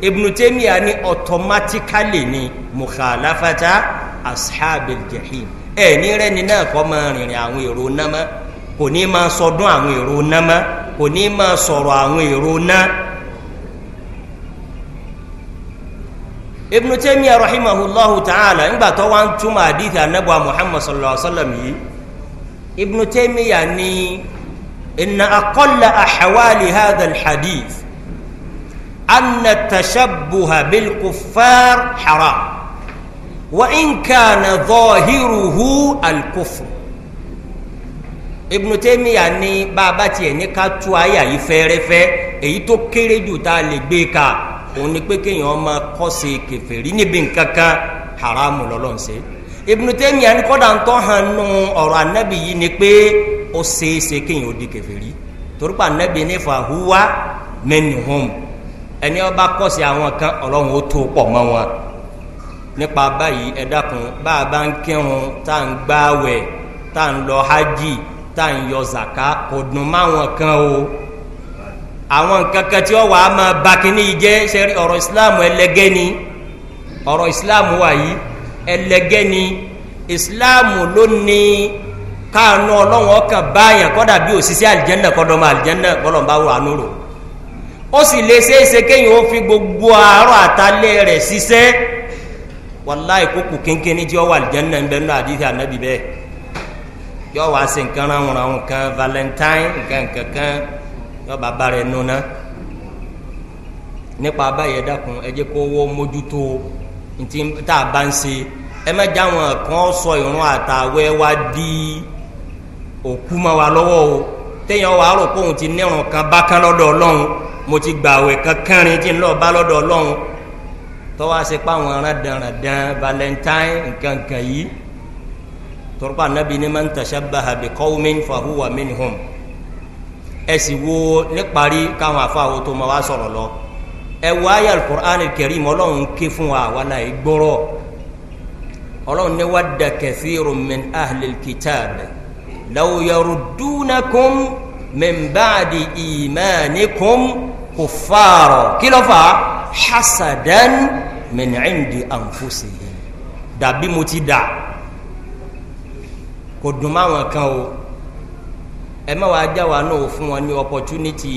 ibnu taymiya ni automatically ni mukhalafata ashabil jahim ẹ ní rẹni náà kọ́ máa rìnrìn àwọn èrò námá kò ní máa sọdún àwọn èrò námá kò ní máa sọ̀rọ̀ àwọn èrò náà. ibnu taymiya rahimahullahu ta'ala ńgbà tó wá ń túmọ̀ àdìsí anábọ̀ muhammad sallallahu alayhi wa sallam yìí ibnu ni inna aqalla ahwali hadha hadith anna tashabbuha bil kuffar haram wa in kana zahiruhu al kufr Ibn Taymiyyah ní bàbá tiẹ̀ ní ká tú àyà yìí fẹ́rẹ́fẹ́ èyí tó kéré jù tá a lè gbé ka òun ni pé kéèyàn máa kọ́sẹ̀ kèfèrí níbi nǹkan kan haramu lọ́lọ́ ń ṣe Ibn Taymiyyah ní kọ́dà ń tọ́ hàn nù ọ̀rọ̀ anábì yìí ni pé ó ṣeéṣe kéèyàn ó di kèfèrí torípa anábì ní fa huwa minhum ẹni ọba kọsí àwọn kan ọlọ́run ó tó pọ̀ mọ́ wọn nípa báyìí ẹ dákun bá a bá ń kírun tá à ń gbáwẹ̀ tá à ń lọ hajj tá à ń yọ zaka kò dùn máwọn kan o àwọn kankan tí ó wàá máa ba kínní yìí jẹ́ sẹ́rí ọ̀rọ̀ ìsìláàmù ẹlẹgẹ́ ni ọ̀rọ̀ ìsìláàmù wà yìí ni ìsìláàmù ló ní káànú ọlọ́run ọkàn báyàn kọ́dà bí òṣìṣẹ́ àlìjẹ́nà kọ́dọ̀ ọmọ àlìjẹ́nà bá wà á nù ó sì lè ṣeéṣe kéyìn ó fi gbogbo àárọ̀ àtàlẹ́ rẹ̀ ṣiṣẹ́ wàláì kókò kínkín ní tí ó wà lìjẹ́nà ńbẹ́ nínú àdìsí ànábì bẹ́ẹ̀ yọ wá sí nǹkan ráhùn ráhùn kan valentine nǹkan nǹkan kan yọ bàbá rẹ̀ nuna nípa abáyẹ dákun ẹ jẹ́ kó wọ́ mójútó ntí tá a bá ń ṣe ẹ wọn kàn sọ ìrun àtàwẹ́ wá di òkú mọ́ wa lọ́wọ́ o téèyàn wàá rò pé òun ti kan bákan lọ́dọ̀ ọlọ́run. mo ti gba àwẹ̀ kankanrin tí ń lọ bá lọ́dọ̀ ọlọ́run tọ́wọ́ á ṣe pa àwọn aráàdánradán valentine nkankan yìí tọ́rọ́pá anábì ní man tashabbaha bi qawmin fahuwa minhum ẹ sì wo níparí káwọn afáwo tó ma wá sọ̀rọ̀ lọ ẹ wọ ayé alukur'an karim ọlọ́run ké fún wa wà láì gbọ́rọ̀ ọlọ́run ní wadda kathirun min ahlil kitab law yarudunakum min ba'di imanikum kuffara kí ló fà á hasadan min indi anfusihim dàbí mo ti dà kò dùn máwọn kan o ẹ má wàá já wa náà fún wọn ní opportunity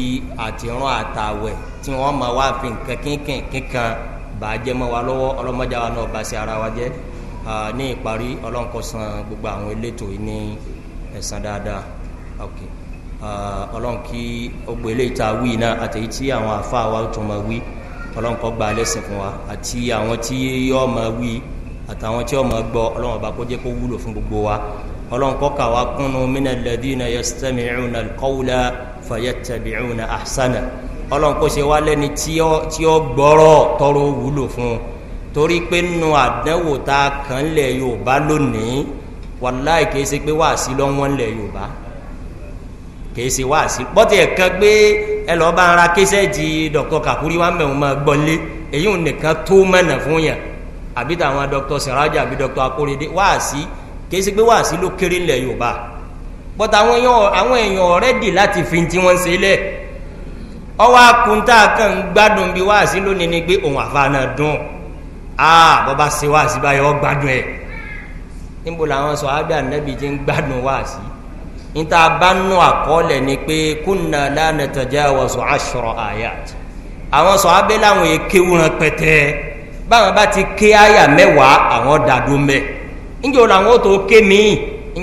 àtìrún àtàwẹ̀ tí wọ́n máa wá fi nǹkan kínkìn kíkan bàjẹ́ mọ́ wa lọ́wọ́ ọlọ́mọdé wa náà bá sí ara wa jẹ́ ní ìparí ọlọ́nkọ́sán gbogbo àwọn elétò yìí ní ẹ̀san dáadáa. Okay. Ah, ọlọ́run kí ọgbọ eléyìí tá a wí náà àtẹ̀yí tí àwọn afa wa tún máa wí ọlọ́run kó gba lẹ́sìn fún wa àti àwọn tí yọ́ máa wí àtàwọn tí yọ́ máa gbọ́ ọlọ́run ọba kó jẹ́ kó wúlò fún gbogbo wa ọlọ́run kó kà wá kúnnú mina ladina yastami'una alqawla fayattabi'una ahsana ọlọ́run kó ṣe wá lẹ́ni tí ó gbọ́rọ̀ tọrọ wúlò fún torí pé nù àdánwò tá kàn lẹ̀ Yorùbá lónìí wàláì kìí pé wàásì lọ́wọ́ ń Yorùbá kì í ṣe wá sí bọ́tì ẹ̀kan gbé ẹ lọ́ọ́ bá ara kéṣẹ́ di dr kakuri wa mẹ́wọ́n máa gbọ́lé èyí ò nìkan tó mẹ́nà fún yàn àbí tàwọn dr siraja àbí dr akorede wá sí kì í ṣe pé wá sí ló kéré ńlẹ̀ yorùbá bọ́tà àwọn èèyàn ọ̀rẹ́dì láti fi tí wọ́n ṣe lẹ̀ ọwọ́ akunta kan gbádùn bí wá sí lónìí ni pé òun àfa náà dùn aa bọ́ba ṣe wá sí báyọ̀ gbádùn ẹ̀ níbo làwọn sọ nta abanu àkọọ́lẹ̀ ni pé kúnà lánà tọ́já wọ sọ aṣọrọ àyàt àwọn sọ abẹ́ láwọn èkéwù rán pẹ̀tẹ́ báwọn bá ti ké àyà mẹ́wàá àwọn dàdú mẹ́ níjọ làwọn tó ké mi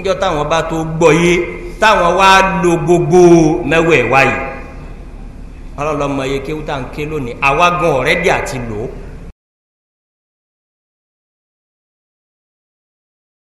njọ táwọn bá tó gbọ́ yé táwọn wá lo gbogbo mẹ́wẹ̀ẹ́wá yìí ọlọ́lọ́mọ yẹ kéwù tá à ké lónìí àwa gan ọ̀rẹ́dì àti lòó.